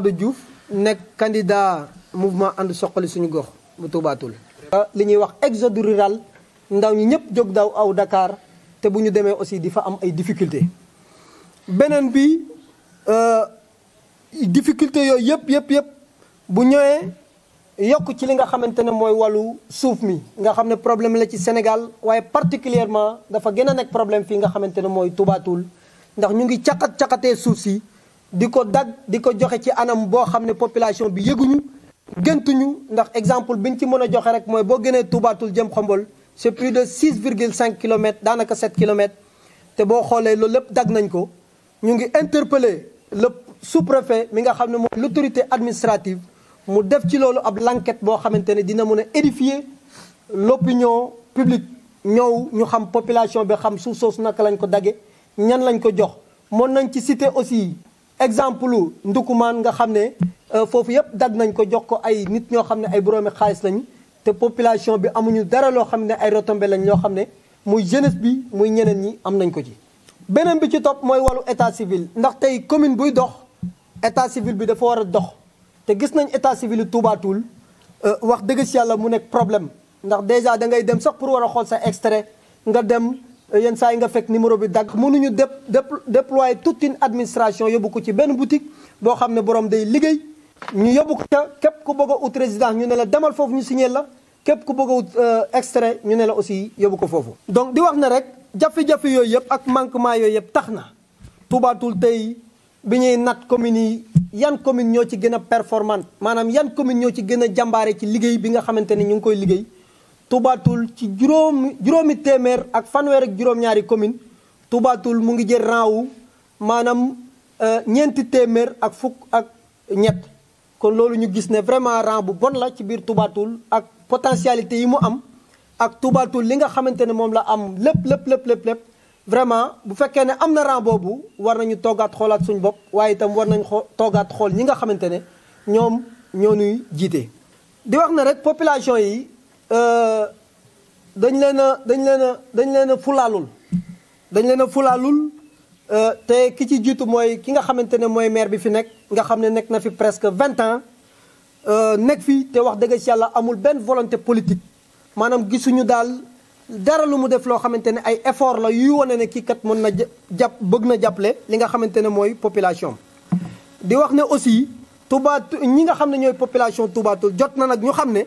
Daouda Diouf nek candidat mouvement and soqali suñu gox bu tuubaatul li ñuy wax exode rural ndaw ñi ñep jog daw aw Dakar te buñu démé aussi di am ay difficulté benen bi euh, difficulté yoy yep yep yep, bu ñëwé yok ci li nga xamantene walu walu souf mi nga xamné problème la ci Sénégal waye particulièrement dafa gëna nek problème fi nga xamantene moy mooy tubaatul ndax ñu ngi caqat diko dag diko joxe ci anam bo xam population bi yeguñu gëntuñu ndax exemple biñ ci mëna joxe rek mooy boo gënee tubaatul jëm xombol c'est plus de 6,5 km, danaka 7 km, té bo xolé loolu lépp dagg nañ ko ñu ngi interpeller le sous-préfet mi nga xam l'autorité administrative mu def ci loolu ab l'enquête bo xamante dina mëna édifier l'opinion publique ñëw ñu xam population bi xam sous-sous, naka lañ ko dagué ñan lañ ko jox mon nañ ci citer aussi exemple ndukumaan nga xamne fofu foofu yëpp dagg nañ ko jox ko ay nit ñoo xamne ay boroomi xaliss lañ te population bi amuñu dara lo xamne ay retombe lañ ñoo xamne muy jeunesse bi muy ñeneen ñi am nañ ko ci. benen bi ci top moy walu état civil ndax tay commune buy dox état civil bi dafa wara dox te gis nañ état civil Touba Toul wax deug ci yàlla mu nek problème ndax dèjà da ngay dem sax pour wara xol sa extrait nga dem. yenn saa yi nga fekk numéro bi dagg mënuñu déployer toute une administration yóbbu ko ci benn boutique boo xam ne borom day liggéey ñu yóbbu ko ca képp ku bëgg a ut résidence ñu ne la demal foofu ñu signé la képp ku bëgg a ut euh, extrait ñu ne la aussi yóbbu ko foofu donc di wax ne rek jafe-jafe yooyu yëpp ak manquement yooyu yëpp tax na tubaatul tey bi ñuy nat communes yi yan commune ñoo ci gën a performante maanaam yan commune ñoo ci gën a jàmbaare ci liggéey bi nga xamante ne ñu ngi koy liggéey Touba ci juróomi juróomi téeméer ak fanweer ak juróom-ñaari commune Touba mu ngi jël rang wu maanaam euh, ñeenti téeméer ak fukk ak ñett kon loolu ñu gis ne vraiment rang bu bon la ci biir Touba ak potentialité yi mu am ak Touba li nga xamante ne moom la am lépp lépp lépp lépp lépp vraiment bu fekkee ne am na rang boobu war nañu toogaat xoolaat suñu bopp waaye itam war nañu xoo toogaat xool ñi nga xamante ne ñoom ñoo ñuy jiite. di wax na rek population yi. Euh, dañ leen a dañ leen a dañ leen a fulaalul dañ leen a fulaalul euh, te ki ci jiitu mooy ki nga xamante ne mooy maire bi fi nekk nga xam ne nekk na fi presque vingt ans euh, nekk fi te wax dëgg si yàlla amul benn volonté politique maanaam gisuñu daal dara lu mu def loo xamante ne ay effort la yuy wane ne kii kat mën na jàpp bëgg na jàppale li nga xamante ne mooy population di wax ne aussi Touba ñi nga xam ne ñooy population Touba jot na nag ñu xam ne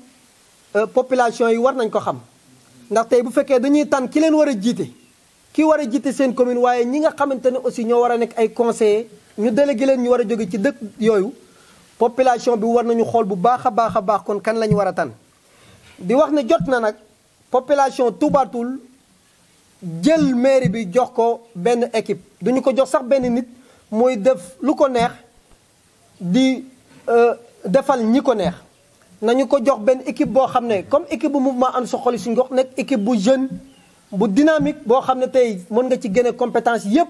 Euh, population yi war nañ ko xam ndax tey bu fekkee dañuy tànn ki leen war a jiite ki war a jiite seen commune waaye ñi nga xamante ne aussi ñoo war a nekk ay conseillers ñu délégué leen ñu war a ci dëkk yooyu population bi war nañu xool bu baax a baax a baax kon kan lañu war a tànn wax ne jot na population Touba Toul jël maire bi jox ko benn équipe duñu ko jox sax benn nit muy def lu ko neex di euh, defal ñi ko neex nañu ko jox ben équipe bo xamné comme équipe bu mouvement and soxali suñ gox nek équipe bu jeune bu dynamique bo xamné tay mën nga ci gëné compétence yépp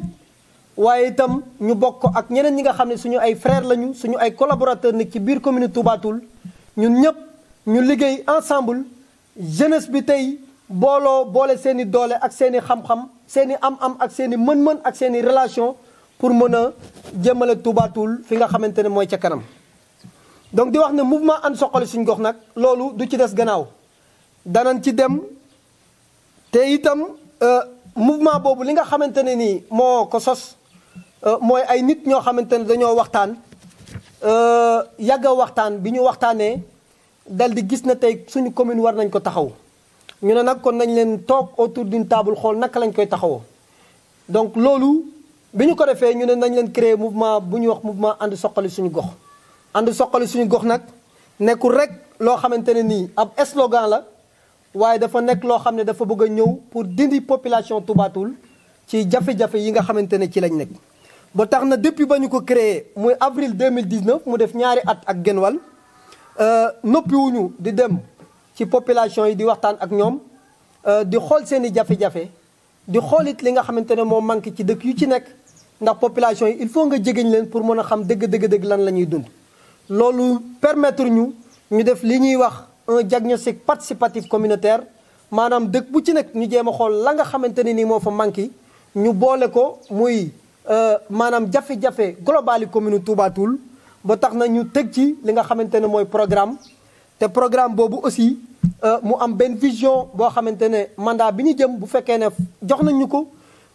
waaye itam ñu bokk ko ak ñeneen ñi nga xamné suñu ay frère lañu suñu ay collaborateur nekk ci biir commune Toul ñun ñëpp ñu liggéey ensemble jeunesse bi tay bolo bolé seeni doole ak seeni xam-xam seeni am-am ak seeni mën-mën ak seeni relation pour mëna a Touba Toul fi nga xamantene moy ci kanam donc di wax ne mouvement an soxali suñ gox nak lolu du ci dess gannaaw danañ ci dem te itam euh, mouvement bobu li nga xamante ni mo ko sos euh, moy ay nit ño xamante ne waxtaan euh a waxtaan biñu ñu dal di gis na tay suñu commune war nañ ko taxaw ñu ne nag kon nañ leen tok autour d'une table xol nak lañ koy taxaw donc lolu biñu ko defee ñu ne nañ leen créer mouvement buñu wax mouvement and soxali suñu gox ànd soqali suñu gox nak nekkul rek lo xamante ni ab slogan la waye dafa nek lo xamne dafa bëgg a ñëw pour dindi population Touba Toul ci jafé jafé yi nga xamante ci lañ nek ba tax na depuis bañu ko créer muy avril 2019 mu def ñaari at ak euh nopi wuñu di dem ci population yi di waxtaan ak ñom euh di xol seeni jafé jafé di xolit li nga xamante mo moo ci dëkk yu ci nek ndax population yi il faut nga jegeñ leen pour mën a xam dëgg dëgg dëgg lan lañuy dund loolu permettre ñu ñu def li ñuy wax un diagnostic participatif communautaire manam dekk bu ci nekk ñu jema xol la nga xamante ni mo fa manki ñu boole ko muy euh manam jafé jafé global yi commune Touba Toul ba tax na ñu teg ci li nga xamante moy programme té programme bobu aussi euh mu am ben vision bo xamante mandat bi ñu jëm bu féké ne jox nañ ñu ko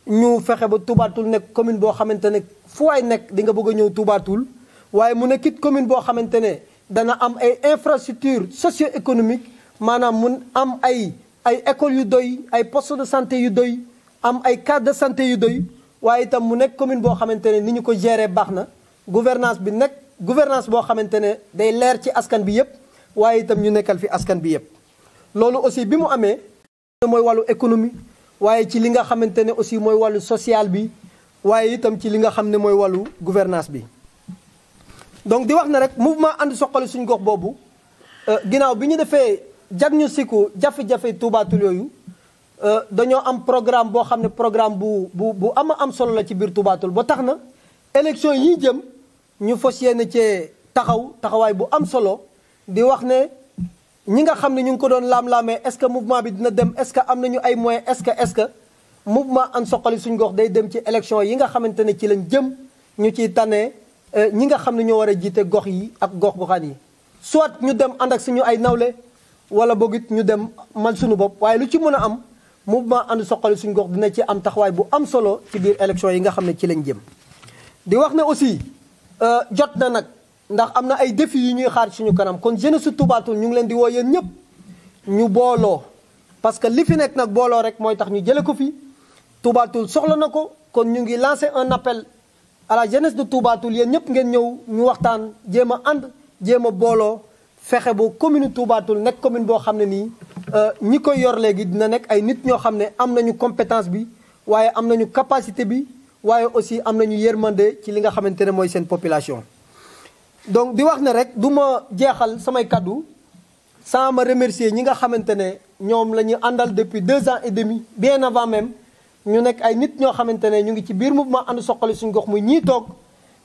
ñu fexé ba Touba Toul nekk commune bo xamante ne fu waay nekk di nga bëgg ñew ñëw Touba Toul waaye mu nekk it commune boo xamante ne dana am ay infrastructure socio-économique maanaam mun am ay ay écoles yu doy ay postes de santé yu doy am ay cadres de santé yu doy waaye itam mu nekk commune boo xamante ne ni ñu ko gérer baax na gouvernance bi nekk gouvernance boo xamante ne day leer ci askan bi yépp waaye itam ñu nekkal fi askan bi yépp loolu aussi bi mu amee mooy wàllu économie waaye ci li nga xamante ne aussi mooy wàllu sociale bi waaye itam ci li nga xam ne mooy wàllu gouvernance bi donc di wax ne rek mouvement ànd soqali suñu gox boobu euh, ginnaaw bi ñu defee diagnostiku jafe-jafe Touba Toul yooyu euh, dañoo am programme boo xam ne programme bu bu bu ama am solo la ci biir Touba boo tax na élection yi jëm ñu fas yéene cee taxaw taxawaay bu am solo di wax ne ñi nga xam ne ñu ngi ko doon laam-laamee est que mouvement bi dina dem est-ce que am nañu ay moyens est-ce que est-ce que mouvement ànd soqali suñu gox day dem ci élection yi nga xamante ne ci lañ jëm ñu ciy tànnee. Euh, ñi nga xam jite ñoo wara jité gox yi ak gox bu xani soit ñu dem and ak suñu ay nawle wala bogit ñu dem man suñu bop waye lu ci mëna am mouvement and soxali suñu gox dina ci am bu am solo ci biir élection yi nga xam ne ci lañ jëm di wax ne aussi euh, jot na nak ndax amna ay défi yi ñuy xaar suñu kanam kon su tubatul ñu ngi leen di wo yeen ñëpp ñu bolo parce que li fi nek nak bolo rek moy tax ñu jël ko fi tubatul soxla nako kon ñu ngi lancer un appel à la jeunesse de Touba Toul yéen ñëpp ngeen ñëw ñu waxtaan jéem a ànd jéem a booloo fexe ba commune Touba Toul nekk commune boo xam ne nii euh, ñi koy yor léegi dina nekk ay nit ñoo xam ne am nañu compétence bi waaye am nañu capacité bi waaye aussi am nañu yërmande ci li nga xamante ne mooy seen population. donc di wax ne rek du ma jeexal samay kaddu sans ma remercier ñi nga xamante ne ñoom la ñu àndal depuis deux ans et demi bien avant même. ñu nekk ay nit ñoo xamante ne ñu ngi ci biir mu mouvement ànd soxali suñu gox muy ñii toog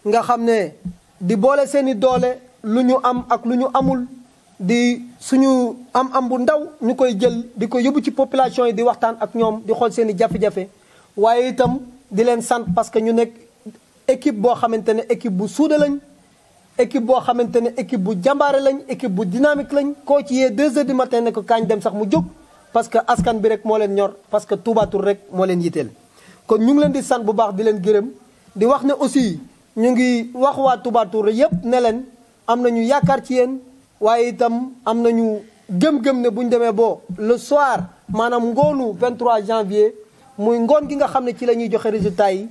nga xam ne di boole seeni doole lu ñu am ak lu ñu amul di suñu am-am bu ndaw ñu koy jël di ko yóbbu ci population yi di waxtaan ak ñoom di xool seeni jafe-jafe waaye itam di leen sant parce que ñu nekk équipe boo xamante ne équipe bu suude lañ équipe boo xamante ne équipe bu jambaare lañ équipe bu dynamique lañ koo ci yee deux heures matin ne ko kaañ dem sax mu jóg parce que askan bi rek nyor, len ñor parce que Touba tour rek mo len yitel kon ñu ngi len di sant bu baax di len gërem di wax ne aussi ñu ngi wax wa Touba tour yépp ne len am nañu ci yeen waye itam am nañu gëm-gëm ne bu mebo. bo le soir manam ngoonu 23 janvier muy ngoon gi nga xam ci lañuy joxe résultat yi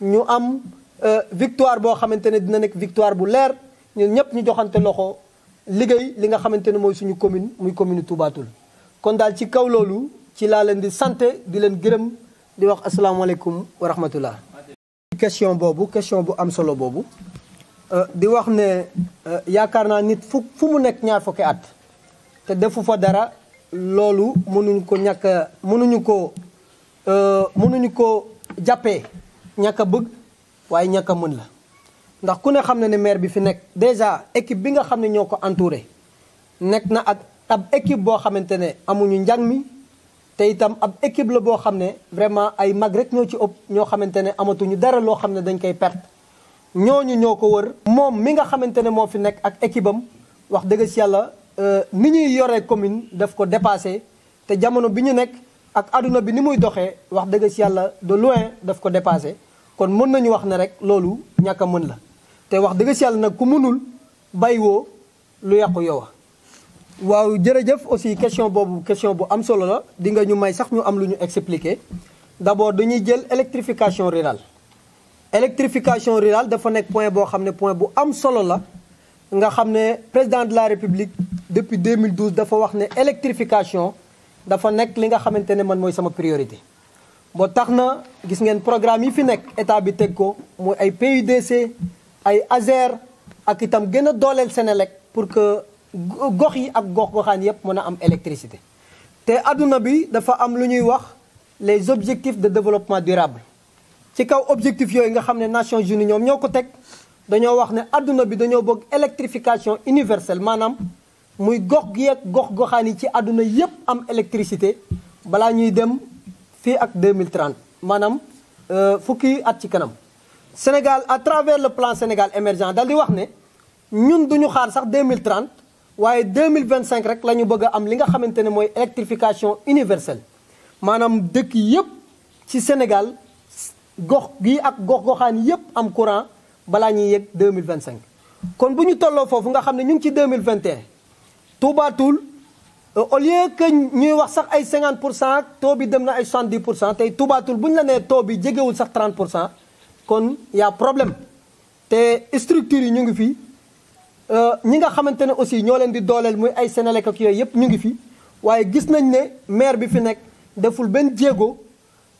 ñu am euh, victoire bo xamantene dina nek victoire bu lèr ñun ñëpp ñu joxante loxo liggéey li nga xamantene moy suñu commune muy commune Touba tour kon daal ci kaw loolu ci laa leen di sant di leen gërëm di wax asalaamaaleykum wa question boobu question bu am solo boobu euh, di wax ne euh, yaakaar naa nit fu fu mu nekk ñaar fukki at te defu fa dara loolu mënuñu ko ñàkk a mënuñu ko mënuñu ko jàppee ñàkk bëgg waaye ñàkk mën la ndax ku ne xam na ne maire bi fi nekk déjà équipe bi nga xam ne ñoo ko entouré nekk na ak ab équipe boo xamante ne amuñu njang mi te itam ab équipe la boo xam ne vraiment ay mag rek ñoo ci ëpp ñoo xamante ne amatuñu dara loo xam ne dañ koy perte ñooñu ñoo ko wër. moom mi nga xamante ne moo fi nekk ak équipe wax dëgg si yàlla euh, ni ñuy yoree commune daf ko dépassé te jamono bi ñu nekk ak àdduna bi ni muy doxee wax dëgg si yàlla de loin daf ko dépassé kon mën nañu wax ne rek loolu ñàkk mën la te wax dëgg si yàlla nag ku mënul bay woo lu yàqu yow waaw jërëjëf aussi question bob, question bu am solo la di nga ñu may sax ñu expliquer d'abord dañuy jël électrification rurale électrification rurale dafa nek point boo xam point bu am solo nga hamne président de la république depuis 2012 dafa wax ne électrification dafa nek li nga xamante ne man sama priorité ba tax gis ngeen programme yi fi nekk état bi ko mooy ay PUDC ay Azer, ak itam gën a pour que gox yi ak gox goxaan yëpp mën a am électricité te aduna bi dafa am lu ñuy wax les objectifs de développement durable ci kaw objectif yooyu nga xam ne Nations Unies ñoom ñoo ko teg dañoo wax ne aduna bi dañoo bëgg électrification universelle maanaam muy gox gi ak gox goxaan yi ci aduna yëpp am électricité balaa ñuy dem fii ak 2030 maanaam euh, fukki at ci kanam Sénégal à travers le plan Sénégal émergent dal di wax ne ñun duñu xaar sax 2030 waaye 2025 rek la ñu bëgg a am li nga xamante ne mooy électrification universelle maanaam dëkk yépp ci Sénégal gox gi ak gox-goxaan yépp am courant balaa ñuy yegg 2025. kon bu ñu tolloo foofu nga xam ne ñu ngi ci 2021 Touba Toul euh, au lieu que ñuy wax sax ay 50 pour cent taux bi dem na ay 70 pour cent tey Touba Toul bu ñu la nee taux bi jegewul sax 30 pour cent kon y a problème te structures yi ñu ngi fi. Euh, ñi nga xamante ne aussi ñoo leen di dooleel muy ay Sénélec yooyu yëpp ñu ngi fi waaye gis nañ ne maire bi fi nekk deful benn jéego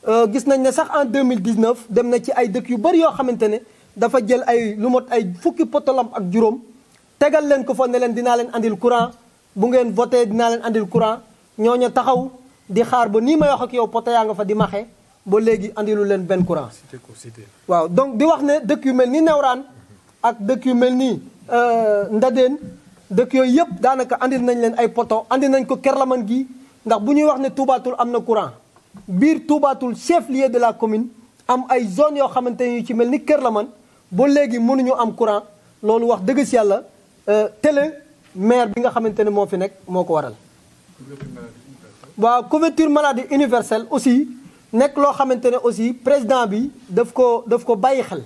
euh, gis nañ ne sax en 2019 dem na ci ay dëkk yu bari yoo xamante ne dafa jël ay lu mot ay fukki potolam ak juróom tegal leen ko fa ne leen dinaa leen andil courant bu ngeen voté dinaa leen andil courant ñoo ñooñu taxaw di xaar ba nii ma wax ak yow poto yaa nga fa di maxe ba léegi andilu leen benn courant. waaw donc di wax ne dëkk yu mel ni Newraan ak dëkk yu mel nii. Euh, Ndadeen dëkk yooyu yëpp daanaka andil nañ leen ay poto andi nañ ko Kerlaman gi ndax bu ñuy wax ne Toubatoul am na courant biir Toubatoul chef lieu de la commune am ay zone yoo xamante ni ci mel ni Kerlaman ba léegi mënuñu am courant loolu wax dëgg si yàlla euh, télé maire bi nga xamante ne moo fi nekk moo ko waral. waaw couverture maladie universelle aussi nekk loo xamante ne aussi président bi daf ko daf ko bàyyi xel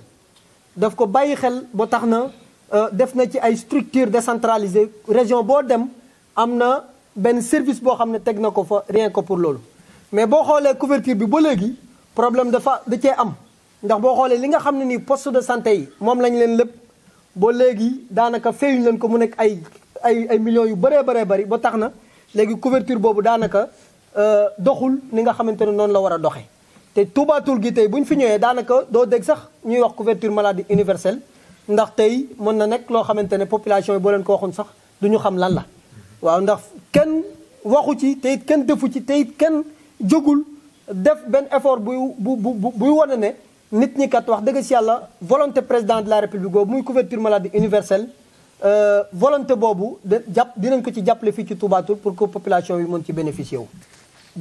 daf ko bàyyi xel ba tax na. Euh, def na ci ay structure décentralisée région boo dem am na benn service boo xam ne teg na ko fa rien ko pour loolu mais boo xoolee couverture bi ba léegi problème dafa da cee am ndax boo xoolee li nga xam ne nii post de santé yi moom lañ leen lépp ba léegi daanaka feyuñ leen ko mu nekk ay ay ay millions yu bëree bëree bari ba tax na léegi couverture boobu daanaka euh, doxul ni nga xamante ne noonu la war a doxee te tuubaatul gi tey bu ñu fi ñëwee daanaka doo dégg sax ñuy wax couverture maladie universelle ndax tey mën na nekk loo xamante ne population yi boo leen ko waxoon sax du xam lan la waaw ndax kenn waxu ci tey kenn defu ci tey kenn jógul def benn effort bu bu bu buy wane ne nit ñi kat wax dëgg si yàlla volonté président de la république boobu muy couverture maladie universelle euh, volonté boobu de jàpp dinañ ko ci jàppale fii ci Touba pour que population bi mën ci bénéficier wu.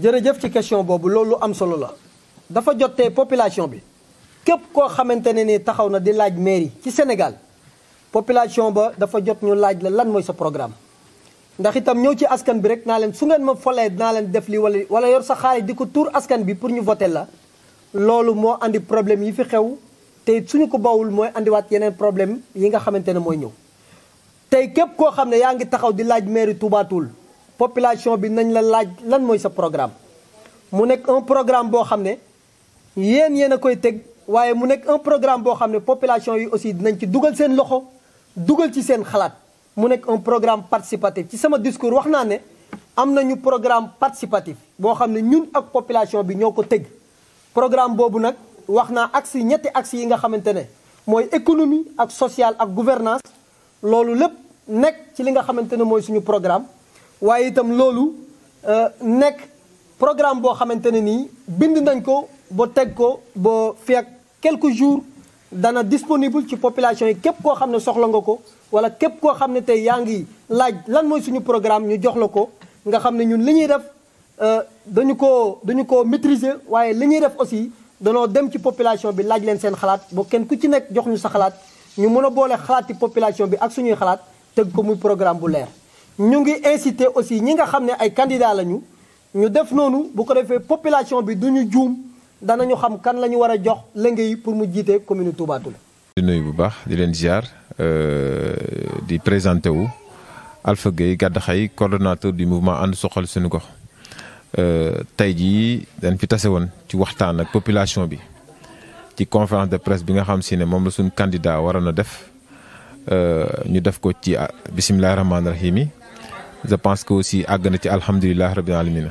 jërëjëf ci question boobu loolu am solo la dafa jot population bi. képp koo xamante ne ni taxaw na di laaj mairie ci Sénégal population ba dafa jot ñu laaj la lan mooy sa programme ndax itam ñëw ci askan bi rek naa leen su ngeen ma folee naa leen def li wala wala yor di ko tuur askan bi pour ñu voter la loolu moo andi problème yi fi xew te suñu ko bawul mooy andiwaat yeneen problème yi nga xamante ne mooy ñëw tey képp koo xam ne yaa ngi taxaw di laaj mairie Touba Toul population bi nañ la laaj lan mooy sa programme mu nekk un programme boo xam ne yéen yéen a koy teg waaye mu nekk un programme boo xam ne population yi aussi dinañ ci dugal seen loxo dugal ci seen xalaat mu nekk un programme participatif ci sama discours wax naa ne am nañu programme participatif boo xam ne ñun ak population bi ñoo ko tëgg programme boobu nag wax naa axe yi ñetti axe yi nga xamante ne mooy économie ak sociale ak gouvernance loolu lépp nekk ci li nga xamante ne mooy suñu programme waaye itam loolu euh, nekk programme boo xamante ne nii bind nañ ko boo teg ko ba fekk quelques jours dana disponible ci population soxla nga ko wala laaj lan programme ñu jox la ko nga ñun maîtriser aussi danoo dem ci population bi laaj leen seen xalaat ku ci jox ñu sa xalaat ñu population bi ak suñuy xalaat programme bu leer. ñu ngi aussi ñi nga ay candidats lañu ñu def noonu bu population bi duñu ñu xam kan lañu ñu war a jox liggéey pour mu jiite commune Touba Toul. di nuyu bu baax di leen ziar euh, di présenté wu Alpha Gueye Gaddaxay coordonnateur du mouvement ànd soxal suñu gox euh, tey ji dañ fi tase woon ci waxtaan ak population bi ci conférence de presse bi nga xam si ne moom la suñu candidat waroon na def euh, ñu def ko ci bisimilah rahmaani rahim yi je pense que aussi àgg na ci alhamdulilah rabbil alamin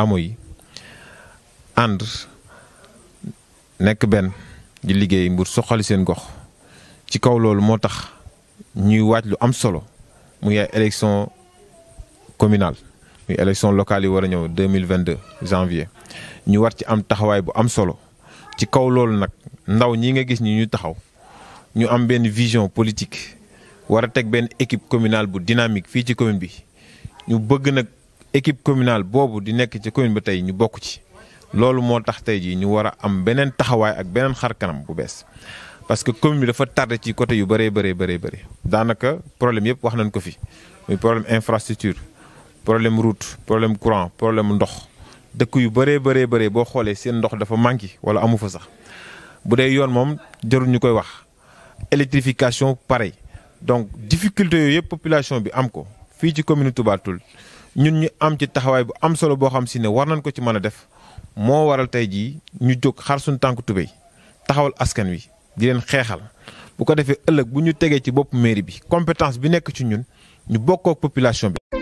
amu yi nek Ben, benn di liggéey mbur soxali seen gox ci kaw loolu moo tax ñuy waaj lu am solo muy ay élection communale muy élection locale yi war a ñëw janvier ñu war ci am taxawaay bu am solo ci kaw loolu nag ndaw ñi nga gis ñi ñu taxaw ñu am benn vision politique war a teg benn équipe communale bu dynamique fii ci commune bi ñu bëgg nag équipe communale bobu di nek ci commune ba tay ñu bokku ci lolu mo tax tay ji ñu wara am benen taxaway ak benen xar kanam bu bees parce que commune bi dafa tardé ci côté yu bëree bëree bëree bëri danaka problème yépp wax nañ ko fi muy problème infrastructure problème route problème courant problème ndox dekk yu bëree bëree bëree bo xolé seen ndox dafa manki wala amu fa sax bu dee yoon mom jarul ñukoy wax électrification pareil donc difficulté yooyu population bi am ko fi ci commune Touba Toul ñun ñu am ci taxawaay bu am solo boo xam si ne war nañ ko ci mën a def moo waral tey jii ñu jóg xar suñu tànk tubéy taxawal askan wi di leen xeexal bu ko defee ëllëg bu ñu tegee ci boppu mairie bi compétence bi nekk ci ñun ñu bokkook population bi.